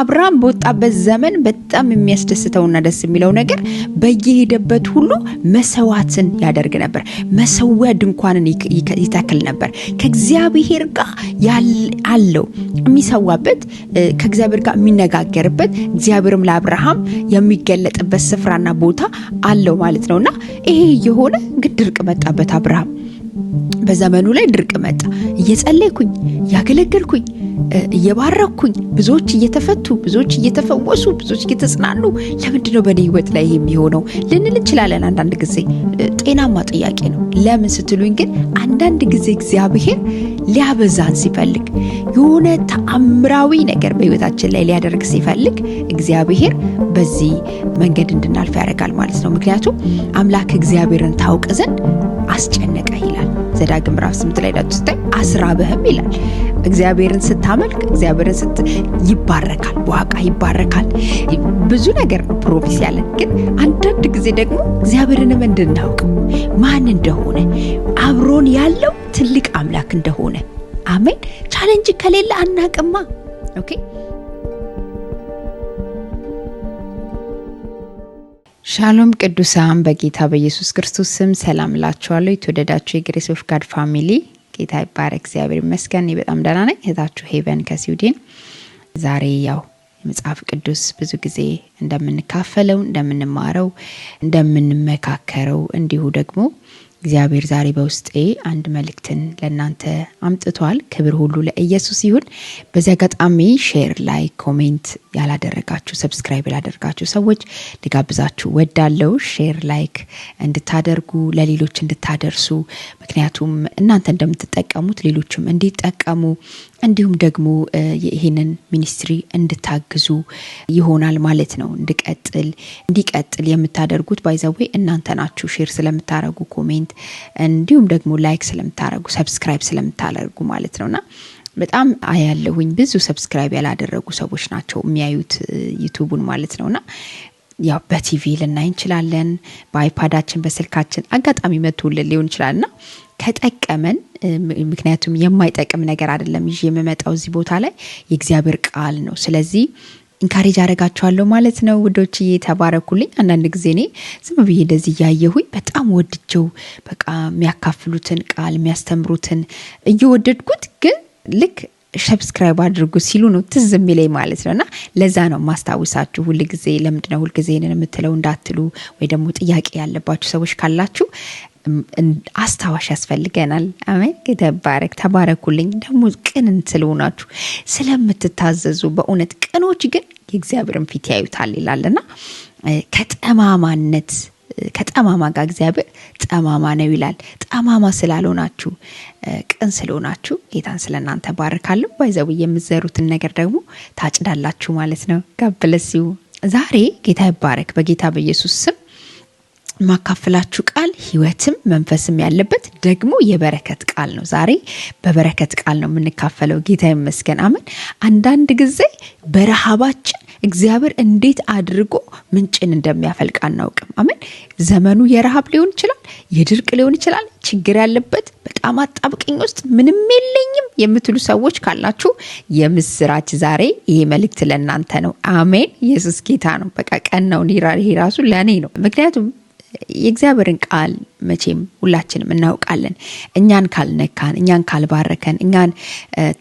አብርሃም በወጣበት ዘመን በጣም የሚያስደስተውና ደስ የሚለው ነገር በየሄደበት ሁሉ መሰዋዕትን ያደርግ ነበር። መሰዊያ ድንኳንን ይተክል ነበር። ከእግዚአብሔር ጋር አለው የሚሰዋበት፣ ከእግዚአብሔር ጋር የሚነጋገርበት፣ እግዚአብሔርም ለአብርሃም የሚገለጥበት ስፍራና ቦታ አለው ማለት ነውና ይሄ የሆነ ግድርቅ መጣበት አብርሃም በዘመኑ ላይ ድርቅ መጣ። እየጸለይኩኝ እያገለገልኩኝ እየባረኩኝ ብዙዎች እየተፈቱ ብዙዎች እየተፈወሱ ብዙዎች እየተጽናኑ ለምንድን ነው በእኔ ህይወት ላይ የሚሆነው ልንል እንችላለን። አንዳንድ ጊዜ ጤናማ ጥያቄ ነው። ለምን ስትሉኝ ግን አንዳንድ ጊዜ እግዚአብሔር ሊያበዛን ሲፈልግ የሆነ ተአምራዊ ነገር በህይወታችን ላይ ሊያደርግ ሲፈልግ እግዚአብሔር በዚህ መንገድ እንድናልፍ ያደርጋል ማለት ነው። ምክንያቱም አምላክ እግዚአብሔርን ታውቅ ዘንድ አስጨነቀ ዘዳግም ምዕራፍ ስምንት ላይ ዳቱ ስታይ አስራብህም ይላል። እግዚአብሔርን ስታመልክ እግዚአብሔርን ስት ይባረካል፣ ዋቃ ይባረካል። ብዙ ነገር ፕሮሚስ ያለን ግን አንዳንድ ጊዜ ደግሞ እግዚአብሔርንም እንድናውቅ ማን እንደሆነ አብሮን ያለው ትልቅ አምላክ እንደሆነ አሜን። ቻለንጅ ከሌለ አናቅማ ኦኬ ሻሎም ቅዱሳን በጌታ በኢየሱስ ክርስቶስ ስም ሰላም እላችኋለሁ። የተወደዳችሁ የግሬስ ኦፍ ጋድ ፋሚሊ ጌታ ይባረክ፣ እግዚአብሔር ይመስገን። እኔ በጣም ደህና ነኝ። እህታችሁ ሄቨን ከስዊድን። ዛሬ ያው የመጽሐፍ ቅዱስ ብዙ ጊዜ እንደምንካፈለው እንደምንማረው፣ እንደምንመካከረው እንዲሁ ደግሞ እግዚአብሔር ዛሬ በውስጤ አንድ መልእክትን ለእናንተ አምጥቷል። ክብር ሁሉ ለኢየሱስ ይሁን። በዚህ አጋጣሚ ሼር ላይ ኮሜንት ያላደረጋችሁ ሰብስክራይብ ያላደረጋችሁ ሰዎች ልጋብዛችሁ ወዳለው ሼር ላይክ እንድታደርጉ ለሌሎች እንድታደርሱ፣ ምክንያቱም እናንተ እንደምትጠቀሙት ሌሎችም እንዲጠቀሙ እንዲሁም ደግሞ ይህንን ሚኒስትሪ እንድታግዙ ይሆናል ማለት ነው። እንድቀጥል እንዲቀጥል የምታደርጉት ባይዘዌ እናንተ ናችሁ ሼር ስለምታደርጉ ኮሜንት ኮሜንት እንዲሁም ደግሞ ላይክ ስለምታደርጉ ሰብስክራይብ ስለምታደርጉ ማለት ነውና በጣም አያለሁኝ። ብዙ ሰብስክራይብ ያላደረጉ ሰዎች ናቸው የሚያዩት ዩቱቡን ማለት ነውና ያው በቲቪ ልናይ እንችላለን፣ በአይፓዳችን፣ በስልካችን አጋጣሚ መቶልን ሊሆን ይችላል እና ከጠቀመን ምክንያቱም የማይጠቅም ነገር አይደለም ይ የምመጣው እዚህ ቦታ ላይ የእግዚአብሔር ቃል ነው። ስለዚህ ኢንካሬጅ አደረጋቸዋለሁ ማለት ነው ውዶች፣ እየተባረኩልኝ። አንዳንድ ጊዜ እኔ ዝም ብዬ እንደዚህ እያየሁኝ በጣም ወድጀው በቃ የሚያካፍሉትን ቃል የሚያስተምሩትን እየወደድኩት ግን ልክ ሰብስክራይብ አድርጉ ሲሉ ነው ትዝ የሚለኝ ማለት ነው። እና ለዛ ነው ማስታውሳችሁ ሁልጊዜ። ለምንድነው ጊዜ ንን የምትለው እንዳትሉ፣ ወይ ደግሞ ጥያቄ ያለባችሁ ሰዎች ካላችሁ አስታዋሽ ያስፈልገናል። አሜን። ግደባረክ ተባረኩልኝ። ደግሞ ቅን ስለሆናችሁ ስለምትታዘዙ በእውነት ቅኖች ግን የእግዚአብሔርን ፊት ያዩታል ይላልና ከጠማማነት ከጠማማ ጋር እግዚአብሔር ጠማማ ነው ይላል። ጠማማ ስላልሆናችሁ ቅን ስለሆናችሁ ጌታን ስለ እናንተ ባርካለሁ። ባይዘው የምትዘሩትን ነገር ደግሞ ታጭዳላችሁ ማለት ነው። ጋብለሲው ዛሬ ጌታ ይባረክ በጌታ በኢየሱስ ስም ማካፍላችሁ ቃል ህይወትም መንፈስም ያለበት ደግሞ የበረከት ቃል ነው። ዛሬ በበረከት ቃል ነው የምንካፈለው። ጌታ ይመስገን። አምን አንዳንድ ጊዜ በረሃባችን እግዚአብሔር እንዴት አድርጎ ምንጭን እንደሚያፈልቅ አናውቅም። አምን ዘመኑ የረሃብ ሊሆን ይችላል፣ የድርቅ ሊሆን ይችላል፣ ችግር ያለበት በጣም አጣብቅኝ ውስጥ ምንም የለኝም የምትሉ ሰዎች ካላችሁ የምስራች ዛሬ ይህ መልእክት ለእናንተ ነው። አሜን። ኢየሱስ ጌታ ነው። በቃ ቀን ነው። ይሄ ራሱ ለእኔ ነው። ምክንያቱም የእግዚአብሔርን ቃል መቼም ሁላችንም እናውቃለን። እኛን ካልነካን፣ እኛን ካልባረከን፣ እኛን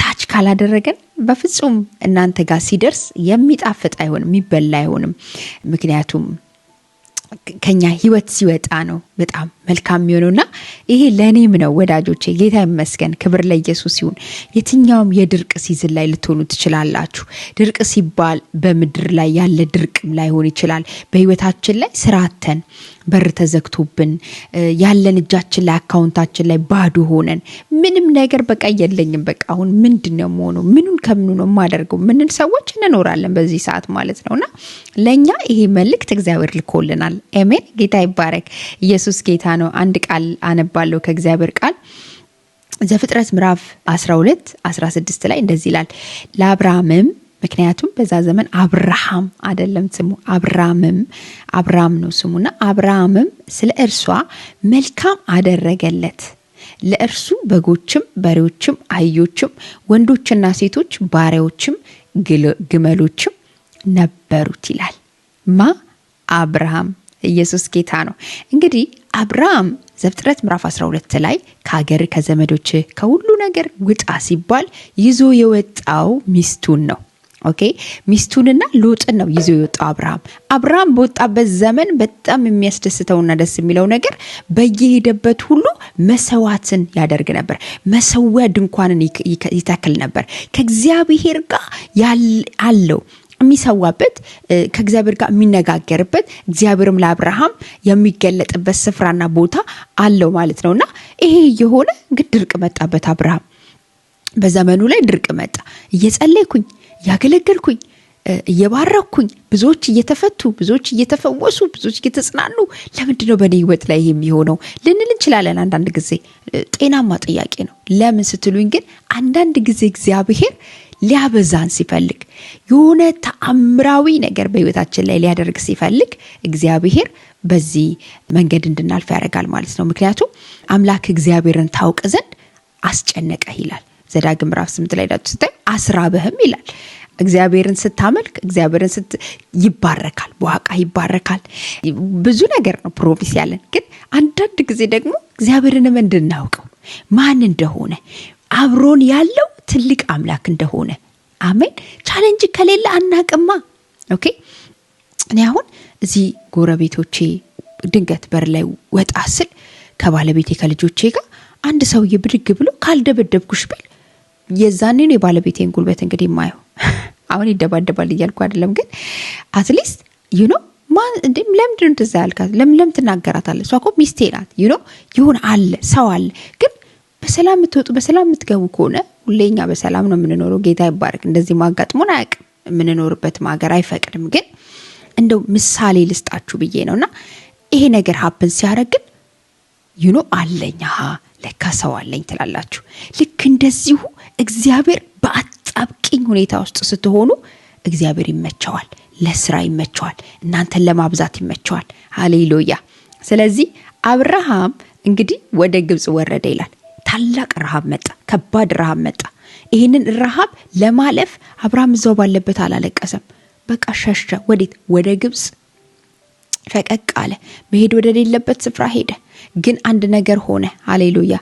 ታች ካላደረገን በፍጹም እናንተ ጋር ሲደርስ የሚጣፍጥ አይሆንም፣ የሚበላ አይሆንም። ምክንያቱም ከኛ ህይወት ሲወጣ ነው በጣም መልካም የሚሆነውና ይሄ ለእኔም ነው ወዳጆቼ። ጌታ ይመስገን፣ ክብር ለኢየሱስ ይሁን። የትኛውም የድርቅ ሲዝን ላይ ልትሆኑ ትችላላችሁ። ድርቅ ሲባል በምድር ላይ ያለ ድርቅም ላይሆን ይችላል። በህይወታችን ላይ ስራተን በር ተዘግቶብን ያለን እጃችን ላይ አካውንታችን ላይ ባዶ ሆነን ምንም ነገር በቃ የለኝም፣ በቃ አሁን ምንድን ነው የምሆነው? ምኑን ከምኑ ነው የማደርገው? ምንን ሰዎች እንኖራለን በዚህ ሰዓት ማለት ነውና ለእኛ ይሄ መልእክት እግዚአብሔር ልኮልናል። ኤሜን። ጌታ ይባረክ ኢየሱስ ኢየሱስ ጌታ ነው። አንድ ቃል አነባለሁ ከእግዚአብሔር ቃል ዘፍጥረት ምዕራፍ 12 16 ላይ እንደዚህ ይላል ለአብርሃምም ምክንያቱም በዛ ዘመን አብርሃም አይደለም ስሙ አብርሃምም አብርሃም ነው ስሙና አብርሃምም ስለ እርሷ መልካም አደረገለት ለእርሱ በጎችም በሬዎችም አህዮችም ወንዶችና ሴቶች ባሪያዎችም ግመሎችም ነበሩት ይላል ማ አብርሃም ኢየሱስ ጌታ ነው። እንግዲህ አብርሃም ዘፍጥረት ምዕራፍ 12 ላይ ከሀገር ከዘመዶች ከሁሉ ነገር ውጣ ሲባል ይዞ የወጣው ሚስቱን ነው። ኦኬ ሚስቱንና ሎጥን ነው ይዞ የወጣው አብርሃም። አብርሃም በወጣበት ዘመን በጣም የሚያስደስተውና ደስ የሚለው ነገር በየሄደበት ሁሉ መሰዋትን ያደርግ ነበር። መሰዊያ ድንኳንን ይተክል ነበር። ከእግዚአብሔር ጋር አለው የሚሰዋበት ከእግዚአብሔር ጋር የሚነጋገርበት እግዚአብሔርም ለአብርሃም የሚገለጥበት ስፍራና ቦታ አለው ማለት ነው እና ይሄ የሆነ ግን ድርቅ መጣበት። አብርሃም በዘመኑ ላይ ድርቅ መጣ። እየጸለይኩኝ እያገለገልኩኝ እየባረኩኝ ብዙዎች እየተፈቱ ብዙዎች እየተፈወሱ ብዙዎች እየተጽናኑ ለምንድን ነው በእኔ ህይወት ላይ ይሄ የሚሆነው ልንል እንችላለን። አንዳንድ ጊዜ ጤናማ ጥያቄ ነው። ለምን ስትሉኝ ግን አንዳንድ ጊዜ እግዚአብሔር ሊያበዛን ሲፈልግ የሆነ ተአምራዊ ነገር በህይወታችን ላይ ሊያደርግ ሲፈልግ እግዚአብሔር በዚህ መንገድ እንድናልፍ ያደርጋል ማለት ነው። ምክንያቱም አምላክ እግዚአብሔርን ታውቅ ዘንድ አስጨነቀህ ይላል ዘዳግም ምዕራፍ ስምንት ላይ ዳቱ ስታይ አስራበህም ይላል። እግዚአብሔርን ስታመልክ እግዚአብሔርን ስት ይባረካል፣ በዋቃ ይባረካል። ብዙ ነገር ነው ፕሮሚስ ያለን። ግን አንዳንድ ጊዜ ደግሞ እግዚአብሔርንም እንድናውቀው ማን እንደሆነ አብሮን ያለው ትልቅ አምላክ እንደሆነ አሜን። ቻለንጅ ከሌለ አናቅማ። ኦኬ እኔ አሁን እዚህ ጎረቤቶቼ ድንገት በር ላይ ወጣ ስል ከባለቤቴ ከልጆቼ ጋር አንድ ሰውዬ ብድግ ብሎ ካልደበደብኩሽ ቢል የዛኔ ነው የባለቤቴን ጉልበት እንግዲህ ማየው። አሁን ይደባደባል እያልኩ አይደለም፣ ግን አትሊስት ዩኖ ማን እንዴ ለምንድን እንደዛ ያልካት? ለምን ለምን ትናገራታለህ? እሷ እኮ ሚስቴ ናት። ዩኖ ይሁን አለ ሰው አለ። ግን በሰላም የምትወጡ በሰላም የምትገቡ ከሆነ ሁሌ እኛ በሰላም ነው የምንኖረው። ጌታ ይባረክ። እንደዚህ ማጋጥሞን አያውቅም። የምንኖርበትም ሀገር አይፈቅድም። ግን እንደው ምሳሌ ልስጣችሁ ብዬ ነው እና ይሄ ነገር ሀብን ሲያደርግ ግን ዩኖ አለኝ ሀ ለካ ሰው አለኝ ትላላችሁ። ልክ እንደዚሁ እግዚአብሔር በአጣብቂኝ ሁኔታ ውስጥ ስትሆኑ እግዚአብሔር ይመቸዋል፣ ለስራ ይመቸዋል፣ እናንተን ለማብዛት ይመቸዋል። ሀሌሉያ። ስለዚህ አብርሃም እንግዲህ ወደ ግብፅ ወረደ ይላል። ታላቅ ረሃብ መጣ፣ ከባድ ረሃብ መጣ። ይህንን ረሃብ ለማለፍ አብርሃም እዛው ባለበት አላለቀሰም። በቃ ሸሸ። ወዴት? ወደ ግብፅ ፈቀቅ አለ። መሄድ ወደሌለበት ስፍራ ሄደ። ግን አንድ ነገር ሆነ። አሌሉያ!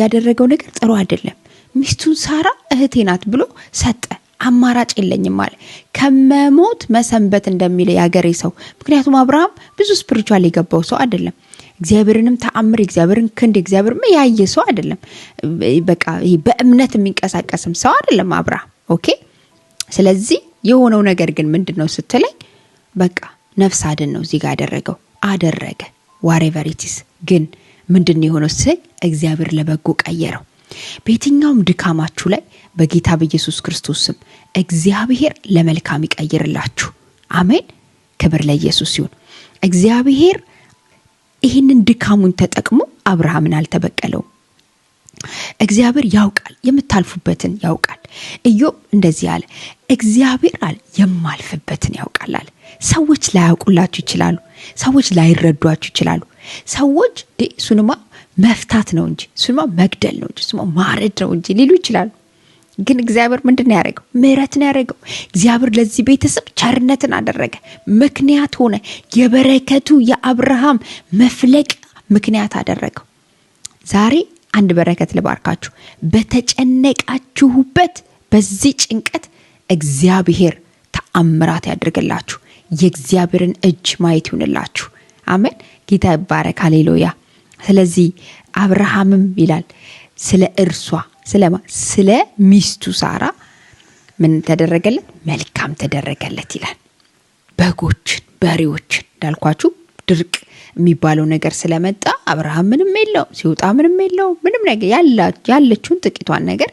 ያደረገው ነገር ጥሩ አይደለም። ሚስቱን ሳራ እህቴ ናት ብሎ ሰጠ። አማራጭ የለኝም አለ። ከመሞት መሰንበት እንደሚለ ያገሬ ሰው። ምክንያቱም አብርሃም ብዙ ስፒሪቹዋል የገባው ሰው አይደለም። እግዚአብሔርንም ተአምር፣ እግዚአብሔርን ክንድ፣ እግዚአብሔር ያየ ሰው አይደለም። በቃ ይሄ በእምነት የሚንቀሳቀስም ሰው አይደለም አብርሃም። ኦኬ። ስለዚህ የሆነው ነገር ግን ምንድን ነው ስትለኝ፣ በቃ ነፍስ አድን ነው እዚህ ጋር ያደረገው አደረገ ዋሬቨሪቲስ ግን ምንድን ነው የሆነው ስል እግዚአብሔር ለበጎ ቀየረው። በየትኛውም ድካማችሁ ላይ በጌታ በኢየሱስ ክርስቶስ ስም እግዚአብሔር ለመልካም ይቀይርላችሁ። አሜን። ክብር ለኢየሱስ ይሁን። እግዚአብሔር ይህንን ድካሙን ተጠቅሞ አብርሃምን አልተበቀለውም። እግዚአብሔር ያውቃል፣ የምታልፉበትን ያውቃል። ኢዮብ እንደዚህ አለ፣ እግዚአብሔር አለ የማልፍበትን ያውቃል አለ። ሰዎች ላያውቁላችሁ ይችላሉ። ሰዎች ላይረዷችሁ ይችላሉ። ሰዎች እሱንማ መፍታት ነው እንጂ እሱንማ መግደል ነው እንጂ እሱንማ ማረድ ነው እንጂ ሊሉ ይችላሉ። ግን እግዚአብሔር ምንድን ነው ያደረገው? ምሕረትን ያደረገው እግዚአብሔር ለዚህ ቤተሰብ ቸርነትን አደረገ። ምክንያት ሆነ። የበረከቱ የአብርሃም መፍለቅ ምክንያት አደረገው። ዛሬ አንድ በረከት ልባርካችሁ። በተጨነቃችሁበት በዚህ ጭንቀት እግዚአብሔር ተአምራት ያድርግላችሁ። የእግዚአብሔርን እጅ ማየት ይሁንላችሁ። አሜን። ጌታ ይባረክ። ሃሌሉያ። ስለዚህ አብርሃምም ይላል ስለ እርሷ ስለ ሚስቱ ሳራ ምን ተደረገለት? መልካም ተደረገለት ይላል። በጎችን በሬዎችን እንዳልኳችሁ ድርቅ የሚባለው ነገር ስለመጣ አብርሃም ምንም የለውም፣ ሲወጣ ምንም የለውም። ምንም ነገር ያለችውን ጥቂቷን ነገር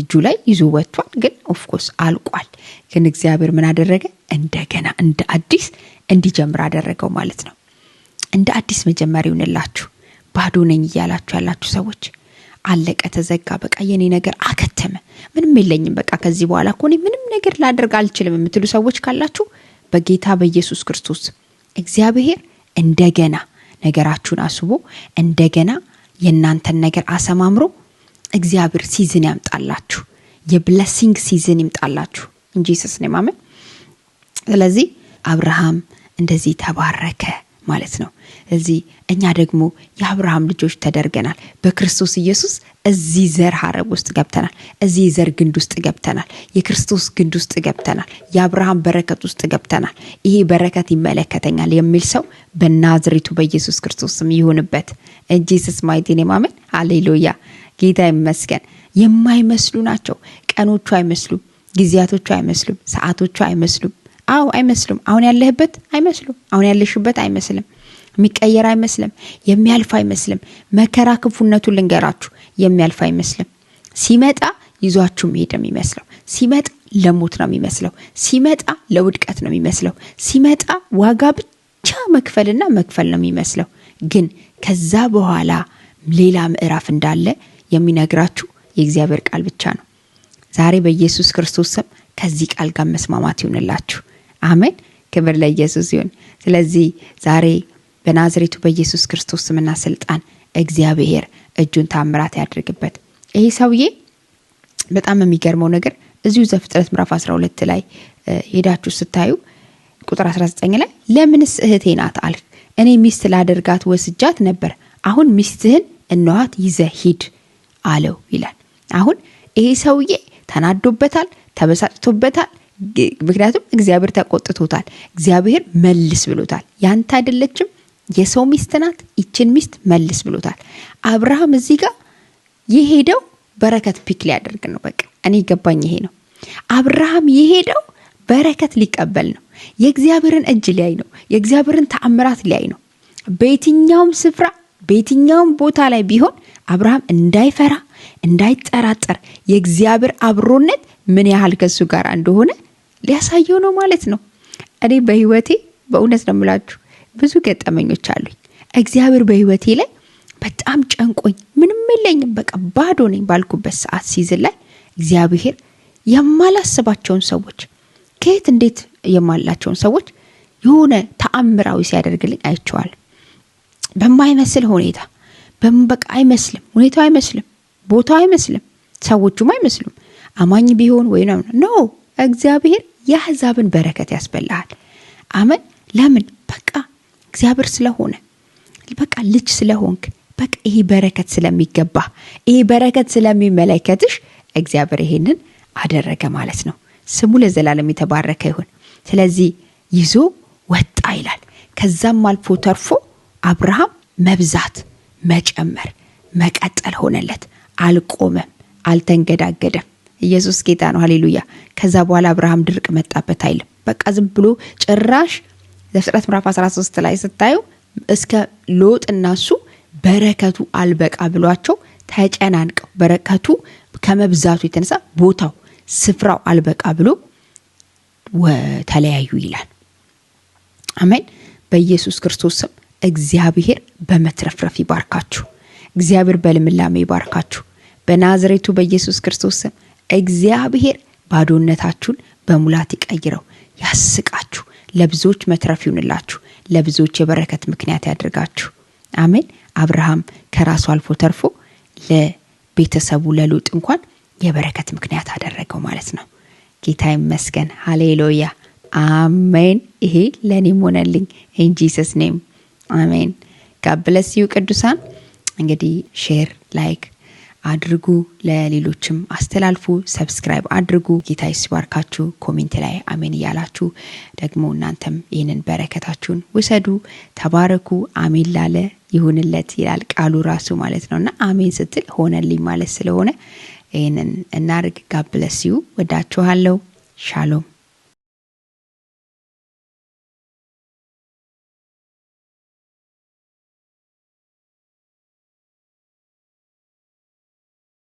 እጁ ላይ ይዞ ወጥቷል። ግን ኦፍኮርስ አልቋል። ግን እግዚአብሔር ምን አደረገ? እንደገና እንደ አዲስ እንዲጀምር አደረገው ማለት ነው። እንደ አዲስ መጀመር ይሁንላችሁ። ባዶ ነኝ እያላችሁ ያላችሁ ሰዎች አለቀ፣ ተዘጋ። በቃ የኔ ነገር አከተመ፣ ምንም የለኝም። በቃ ከዚህ በኋላ እኮ እኔ ምንም ነገር ላደርግ አልችልም የምትሉ ሰዎች ካላችሁ በጌታ በኢየሱስ ክርስቶስ እግዚአብሔር እንደገና ነገራችሁን አስቦ እንደገና የእናንተን ነገር አሰማምሮ እግዚአብሔር ሲዝን ያምጣላችሁ፣ የብለሲንግ ሲዝን ይምጣላችሁ እንጂ ስስኔ ማመን። ስለዚህ አብርሃም እንደዚህ ተባረከ። ማለት ነው። እዚህ እኛ ደግሞ የአብርሃም ልጆች ተደርገናል። በክርስቶስ ኢየሱስ እዚህ ዘር ሀረብ ውስጥ ገብተናል። እዚህ ዘር ግንድ ውስጥ ገብተናል። የክርስቶስ ግንድ ውስጥ ገብተናል። የአብርሃም በረከት ውስጥ ገብተናል። ይሄ በረከት ይመለከተኛል የሚል ሰው በናዝሬቱ በኢየሱስ ክርስቶስም ይሁንበት እንጂ ማይቴን የማመን አሌሉያ፣ ጌታ ይመስገን። የማይመስሉ ናቸው ቀኖቹ አይመስሉም፣ ጊዜያቶቹ አይመስሉም፣ ሰዓቶቹ አይመስሉም። አዎ አይመስሉም። አሁን ያለህበት አይመስሉም። አሁን ያለሽበት አይመስልም። የሚቀየር አይመስልም። የሚያልፍ አይመስልም። መከራ ክፉነቱ ልንገራችሁ፣ የሚያልፍ አይመስልም። ሲመጣ ይዟችሁ መሄድ ነው የሚመስለው። ሲመጣ ለሞት ነው የሚመስለው። ሲመጣ ለውድቀት ነው የሚመስለው። ሲመጣ ዋጋ ብቻ መክፈልና መክፈል ነው የሚመስለው። ግን ከዛ በኋላ ሌላ ምዕራፍ እንዳለ የሚነግራችሁ የእግዚአብሔር ቃል ብቻ ነው። ዛሬ በኢየሱስ ክርስቶስ ስም ከዚህ ቃል ጋር መስማማት ይሁንላችሁ። አሜን። ክብር ለኢየሱስ ይሁን። ስለዚህ ዛሬ በናዝሬቱ በኢየሱስ ክርስቶስ ስምና ስልጣን እግዚአብሔር እጁን ታምራት ያድርግበት። ይሄ ሰውዬ በጣም የሚገርመው ነገር እዚሁ ዘፍጥረት ምዕራፍ 12 ላይ ሄዳችሁ ስታዩ ቁጥር 19 ላይ ለምንስ እህቴ ናት አልክ? እኔ ሚስት ላደርጋት ወስጃት ነበር። አሁን ሚስትህን እነኋት ይዘ ሂድ አለው ይላል። አሁን ይሄ ሰውዬ ተናዶበታል፣ ተበሳጭቶበታል፣ ምክንያቱም እግዚአብሔር ተቆጥቶታል። እግዚአብሔር መልስ ብሎታል። ያንተ አይደለችም የሰው ሚስት ናት፣ ይችን ሚስት መልስ ብሎታል። አብርሃም እዚህ ጋር የሄደው በረከት ፒክ ሊያደርግ ነው። በቃ እኔ ገባኝ። ይሄ ነው አብርሃም የሄደው በረከት ሊቀበል ነው። የእግዚአብሔርን እጅ ሊያይ ነው። የእግዚአብሔርን ተአምራት ሊያይ ነው። በየትኛውም ስፍራ በየትኛውም ቦታ ላይ ቢሆን አብርሃም እንዳይፈራ እንዳይጠራጠር የእግዚአብሔር አብሮነት ምን ያህል ከሱ ጋር እንደሆነ ሊያሳየው ነው ማለት ነው። እኔ በህይወቴ በእውነት ነው የምላችሁ ብዙ ገጠመኞች አሉኝ። እግዚአብሔር በህይወቴ ላይ በጣም ጨንቆኝ ምንም የለኝም በቃ ባዶ ነኝ ባልኩበት ሰዓት ሲዝን ላይ እግዚአብሔር የማላስባቸውን ሰዎች ከየት እንዴት የማላቸውን ሰዎች የሆነ ተአምራዊ ሲያደርግልኝ አይቸዋል በማይመስል ሁኔታ በበቃ አይመስልም፣ ሁኔታው አይመስልም፣ ቦታው አይመስልም፣ ሰዎቹም አይመስሉም። አማኝ ቢሆን ወይ ነው እግዚአብሔር የአሕዛብን በረከት ያስበላሃል። አመን ለምን? በቃ እግዚአብሔር ስለሆነ በቃ ልጅ ስለሆንክ በቃ ይሄ በረከት ስለሚገባ ይሄ በረከት ስለሚመለከትሽ እግዚአብሔር ይሄንን አደረገ ማለት ነው። ስሙ ለዘላለም የተባረከ ይሁን። ስለዚህ ይዞ ወጣ ይላል። ከዛም አልፎ ተርፎ አብርሃም መብዛት፣ መጨመር፣ መቀጠል ሆነለት። አልቆመም፣ አልተንገዳገደም። ኢየሱስ ጌታ ነው። ሀሌሉያ። ከዛ በኋላ አብርሃም ድርቅ መጣበት አይልም። በቃ ዝም ብሎ ጭራሽ ዘፍጥረት ምዕራፍ 13 ላይ ስታዩ እስከ ሎጥ እናሱ በረከቱ አልበቃ ብሏቸው ተጨናንቀው በረከቱ ከመብዛቱ የተነሳ ቦታው ስፍራው አልበቃ ብሎ ተለያዩ ይላል። አሜን። በኢየሱስ ክርስቶስ ስም እግዚአብሔር በመትረፍረፍ ይባርካችሁ። እግዚአብሔር በልምላሜ ይባርካችሁ። በናዝሬቱ በኢየሱስ ክርስቶስ ስም እግዚአብሔር ባዶነታችሁን በሙላት ይቀይረው፣ ያስቃችሁ፣ ለብዙዎች መትረፍ ይሁንላችሁ፣ ለብዙዎች የበረከት ምክንያት ያደርጋችሁ። አሜን። አብርሃም ከራሱ አልፎ ተርፎ ለቤተሰቡ ለሉጥ እንኳን የበረከት ምክንያት አደረገው ማለት ነው። ጌታ ይመስገን። ሃሌሉያ አሜን። ይሄ ለእኔም ሆነልኝ ኢንጂሰስ ኔም አሜን። ጋብለስ ቅዱሳን እንግዲህ ሼር ላይክ አድርጉ፣ ለሌሎችም አስተላልፉ፣ ሰብስክራይብ አድርጉ። ጌታ ይስባርካችሁ። ኮሜንት ላይ አሜን እያላችሁ ደግሞ እናንተም ይህንን በረከታችሁን ውሰዱ፣ ተባረኩ። አሜን ላለ ይሁንለት ይላል ቃሉ ራሱ ማለት ነው እና አሜን ስትል ሆነልኝ ማለት ስለሆነ ይህንን እናርግ። ሲዩ ወዳችኋለው። ሻሎም